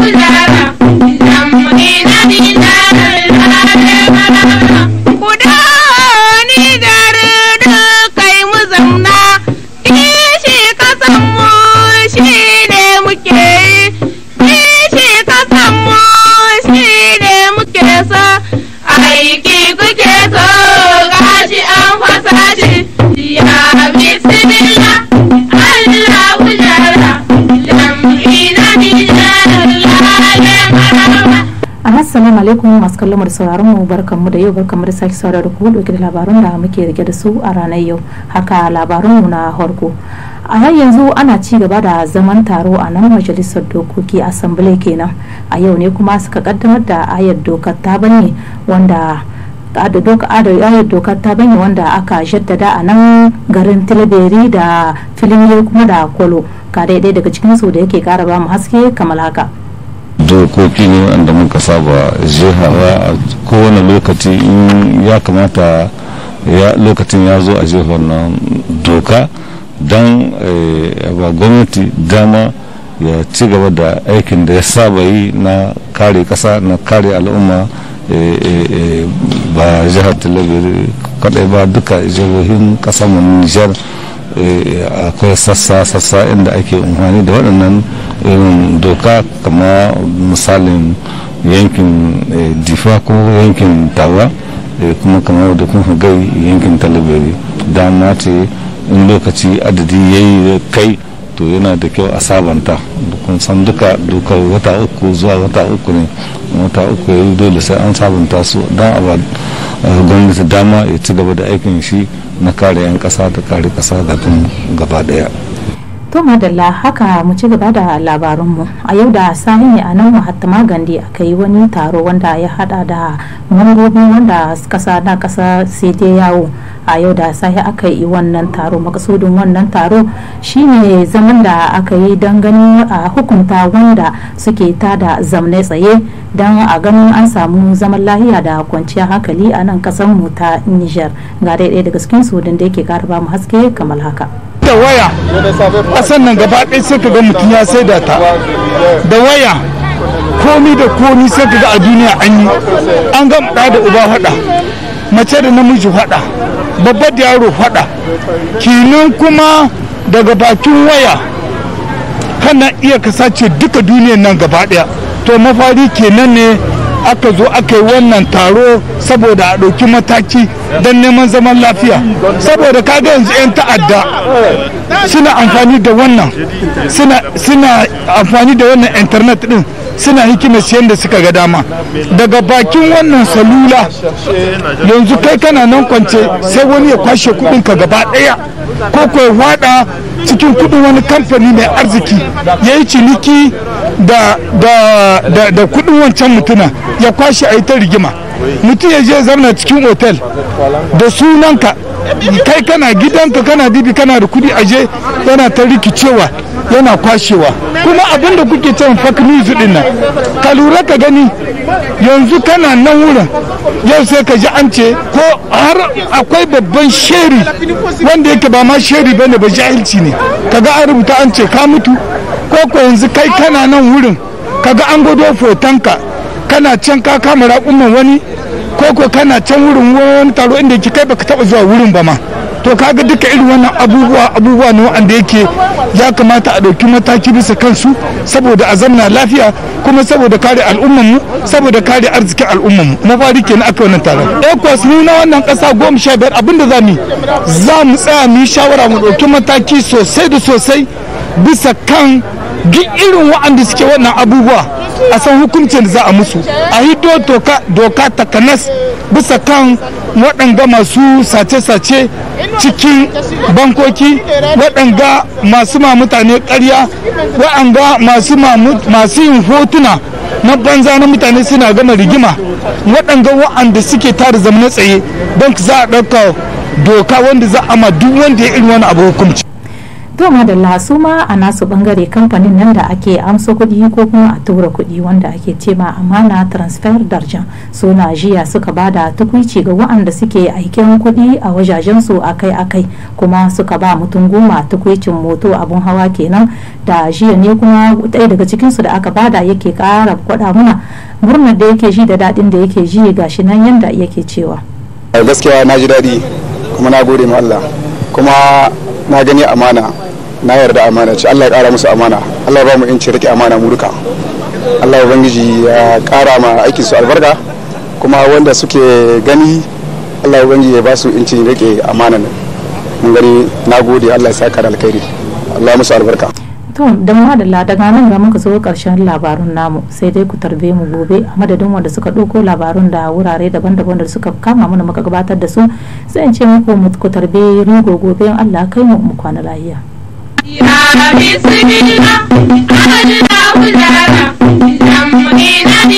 自己加单 alaikum masu kallon da sauraron mu barkanmu da yau barkanmu da sake saurara da ku dauke da labarun da muke rike da su a ranar yau haka labarun mu na harko a har yanzu ana ci gaba da zaman taro a nan majalisar dokoki assembly kenan a yau ne kuma suka kaddamar da ayar dokar ta bane wanda dokar ta bane wanda aka jaddada a nan garin tilberi da filin kuma da kwalo ka daidai daga su da yake kara ba mu haske kamar haka dokoki ne wanda muka saba jihar a kowane lokaci in ya kamata lokacin ya zo a jihar nan doka don eh, ba gwamnati dama ya ci gaba da aikin da ya saba yi na kare kasa na kare al'umma eh, eh, ba jihar talabiri kadai ba duka jihohin kasar nijar akwai sassa sassa inda ake amfani da waɗannan irin doka kama misalin yankin eh, difa ko yankin tawa eh, kuma kama da kuma gai yankin talabari dama ce in lokaci adadi ya yi kai to yana da kyau a sabanta kun san duka dokar wata uku zuwa wata uku ne wata uku ya dole sai an sabanta su don a gwamnati dama ya ci gaba da aikin shi na kare 'yan kasa da kare kasa da gaba daya to madalla haka mu ci gaba da mu a yau da sahi ne a nan mahattama gandi aka yi wani taro wanda ya hada da mambobi wanda kasa na kasa sai dai yawo a yau da sahi aka yi wannan taro makasudin wannan taro shine zaman da aka yi don gani a hukunta wanda suke ta da zamne tsaye don a ganin an samu zaman lahiya da kwanciyar hankali a nan kasar mu ta niger ga daidai daga cikin su da yake karba mu haske kamar haka da waya a nan gaba ɗaya sai ka ga mutum ya saida ta da waya komi da komi sai ka ga a duniya an yi an ga ɗa da uba faɗa mace da namiji faɗa babba da yaro faɗa kinan kuma daga bakin waya kana iya kasance duka duniyan nan gaba ɗaya to mafari kenan ne aka zo aka yi wannan taro saboda a ɗauki mataki don neman zaman lafiya saboda kaga yanzu 'yan ta'adda suna amfani da wannan suna amfani da wannan internet ɗin suna hikima siyan da suka ga dama daga bakin wannan salula yanzu kai kana nan kwance sai wani ya kwashe kudin ka gaba daya ko ko ya cikin kudin wani kamfani mai arziki ya yi ciniki da da kudin wancan mutuna ya kwashe a yi ta rigima mutum ya je zamna cikin otel da sunanka kai kana gidanka kana dibi kana da kudi aje yana ta rikicewa yana kwashewa kuma abinda kuke can fake news din nan ka lura ka gani yanzu kana nan wurin yau sai ka ji an ce ko har akwai babban sheri wanda yake ba ma sheri bane ba jahilci ne kaga an rubuta an ce ka mutu ko ko yanzu kai kana nan wurin kaga an gwado fotonka kana can ka kama raƙuman wani ko ko kana can wurin wani taro inda ki kai baka taba zuwa wurin ba ma to kaga duka irin wannan abubuwa abubuwa ne wanda yake ya kamata a ɗauki mataki bisa kansu saboda a zamna lafiya kuma saboda kare al'ummanmu saboda kare arzikin al'ummanmu mafari kenan aka wannan taron ecos eh, ni na wannan ƙasa goma sha biyar abinda za mu za mu tsaya mu yi shawara mu ɗauki mataki sosai da sosai bisa kan duk irin wa'anda suke wannan abubuwa a san hukuncin da za a musu a yi doka takanas bisa kan waɗanga masu sace-sace cikin bankoki waɗanga masu ma mutane ƙarya waɗanga masu yin hotuna na banza na mutane suna gama rigima waɗanga waɗanda suke tara zamanin tsaye don za a ɗauka doka wanda za a ma duk wanda ya irin wani abu hukunci to madalla su ma a nasu bangare kamfanin nan da ake amsa kuɗi ko kuma a tura kuɗi wanda ake ce ma amana transfer darjan suna jiya suka ba da tukwici ga wa'anda suke aikin kuɗi a wajajensu akai akai kuma suka ba mutum goma tukwicin moto abun hawa kenan da jiya ne kuma ɗaya daga cikinsu da aka ba da yake ƙara kwaɗa muna murnar da yake ji da daɗin da yake ji gashi nan yanda yake cewa gaskiya na ji daɗi kuma na gode ma Allah kuma na gani amana na yarda amana ce Allah ya kara musu amana Allah ya ba mu yanci rike amana mu duka Allah ubangiji ya kara ma aikin su albarka kuma wanda suke gani Allah ubangiji ya ba su yanci rike amana mun gani nagode Allah ya saka da alkhairi Allah musu albarka to da la daga nan ga muka zo karshen labarun namu sai dai ku tarbe mu gobe a madadin wanda suka ɗauko labarun da wurare daban-daban da suka kama mana muka gabatar da su sai in ce muku ku tarbe rigo gobe Allah kai mu mu kwana lafiya I I Ya bismillah, Allah kuzara, zamu ina